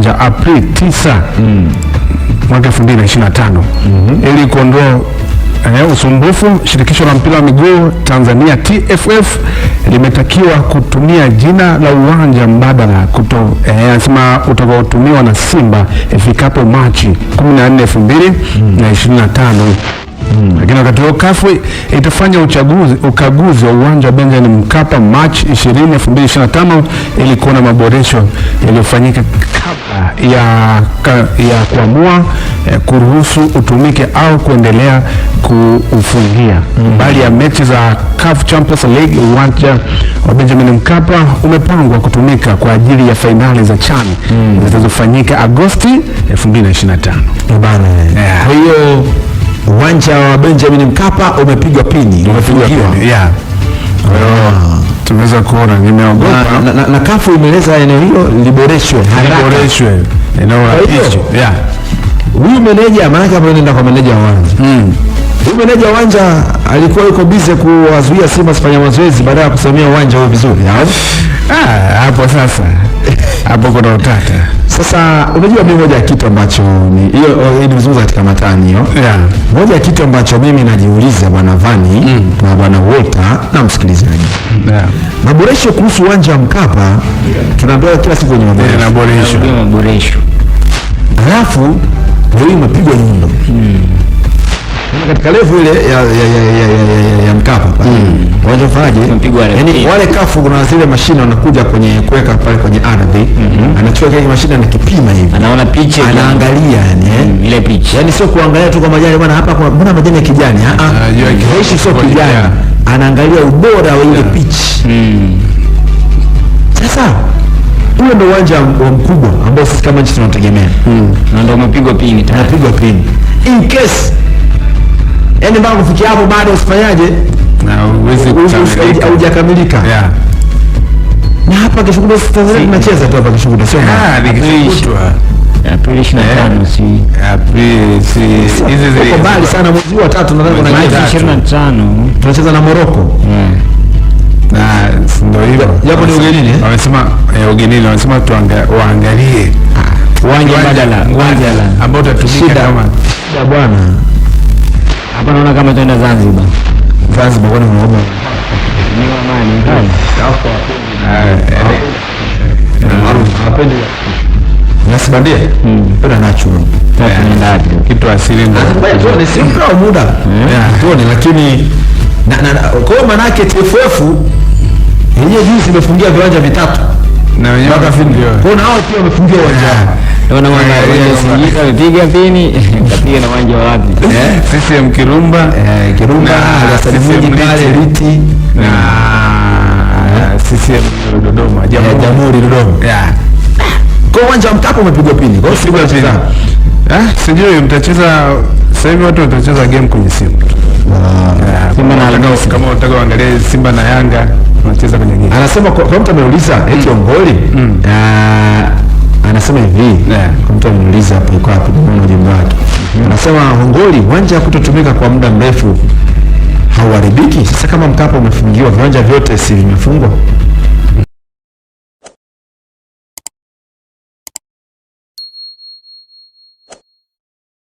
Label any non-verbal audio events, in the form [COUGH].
Kiwanja Aprili 9 mm. mwaka 2025 mm -hmm. ili kuondoa eh, usumbufu, shirikisho la mpira wa miguu Tanzania TFF limetakiwa kutumia jina la uwanja mbadala kuto eh, anasema eh, utakaotumiwa na Simba ifikapo Machi 14 2025 mm. Hmm. Lakini wakati huo CAF itafanya uchaguzi, ukaguzi wa uwanja wa Benjamin Mkapa Machi 20, 2025 ili kuona maboresho yaliyofanyika kabla ya, ya kuamua eh, kuruhusu utumike au kuendelea kuufungia Hmm. Bali ya mechi za CAF Champions League, uwanja wa Benjamin Mkapa umepangwa kutumika kwa ajili ya fainali za CHAN hmm. zitazofanyika Agosti 2025 bana. Eh, kwa hiyo uwanja wa Benjamin Mkapa umepigwa pini, umefungiwa yeah. Oh. Tumeweza kuona nimeogopa na, na, na na kafu imeleza eneo hilo liboreshwe liboreshwe eneo la pitch yeah. Huyu meneja maana hapo inaenda kwa meneja wa uwanja mm. Huyu meneja uwanja alikuwa yuko busy kuwazuia Simba sifanya mazoezi baada ya kusimamia uwanja huo vizuri. Ah, hapo sasa [LAUGHS] hapo kuna utata sasa unajua mimi moja ya kitu ambacho ni hiyo oh, nimezungumza katika matani hiyo. Oh. Yeah. Moja ya kitu ambacho mimi najiuliza bwana Vani mm. na bwana Walter na msikilizaji. Yeah. Maboresho kuhusu uwanja wa Mkapa yeah. tunaambiwa kila siku kwenye maboresho. Yeah, maboresho. Halafu leo imepigwa nyundo. Mm katika levu ile ya ya ya ya, ya, ya, ya ya Mkapa pale. Mm. Wanachofanyaje? Yaani wale kafu kuna zile mashine wanakuja kwenye kuweka pale kwenye ardhi. Mm -hmm. Anachoweka ile mashine anakipima hivi. Anaona picha anaangalia yani mm, ile picha. Yaani sio kuangalia tu kwa majani bwana hapa kuna mbona majani ya kijani? Ah ah. Anajua sio kijani. Anaangalia ubora wa ile pitch. Mm. Sasa huo ndio uwanja wa mkubwa ambao sisi kama nchi tunategemea. Mm. Na ndio umepigwa pini. tayari Unapigwa pini. In case yaani mpaka kufikia hapo bado usifanyaje, haujakamilika na hapa Kishukutwa Tanzania tunacheza tu hapa Kishukutwa, sio ah, Aprili 25, si Aprili, si hizi zile kwa mbali sana, mwezi wa 3 nadhani kuna mwezi 25 tunacheza na Morocco na ndio hivyo, yapo ni eh? Eh, ugenini, wamesema ugenini, wamesema waangalie ah, uwanja badala uwanja la ambao utatumika kama bwana hapa naona kama tuenda Zanzibar. Zanzibar kwani unaona? Ni amani hai. Hapo. Nasibandia? Mm. Penda na chumvi. Tatu ni Kitu asili ndio. Tuone si mtu wa muda. Eh, eh? Tuone lakini na, na, kwa maana yake TFF yenyewe juzi imefungia viwanja vitatu. Na wenyewe wakafungia. Kwa nao pia wamefungia uwanja. Ah naona mwana eh, eh, eh, Piga pini [LAUGHS] kapiga na wapi? Sisi ya Mkirumba eh, Kirumba, pale Seriti na sisi ya Dodoma, Jamhuri Dodoma. yeah. Kwa uwanja wa Mkapa umepigwa pini. Kwa sababu ya pini eh, sijui mtacheza sasa hivi, watu watacheza game kwenye simu. Ah. Simba na Yanga, kama unataka uangalie Simba na Yanga wanacheza kwenye game. Anasema kwa mtu ameuliza eti mm. Ongoli mm. Ah, anasema hivi yeah. Mtu ameniuliza hapo yuko wapi mjumbe wake anasema Hongoli, uwanja kutotumika kwa muda mrefu hauharibiki. Sasa kama Mkapa umefungiwa, viwanja vyote si vimefungwa?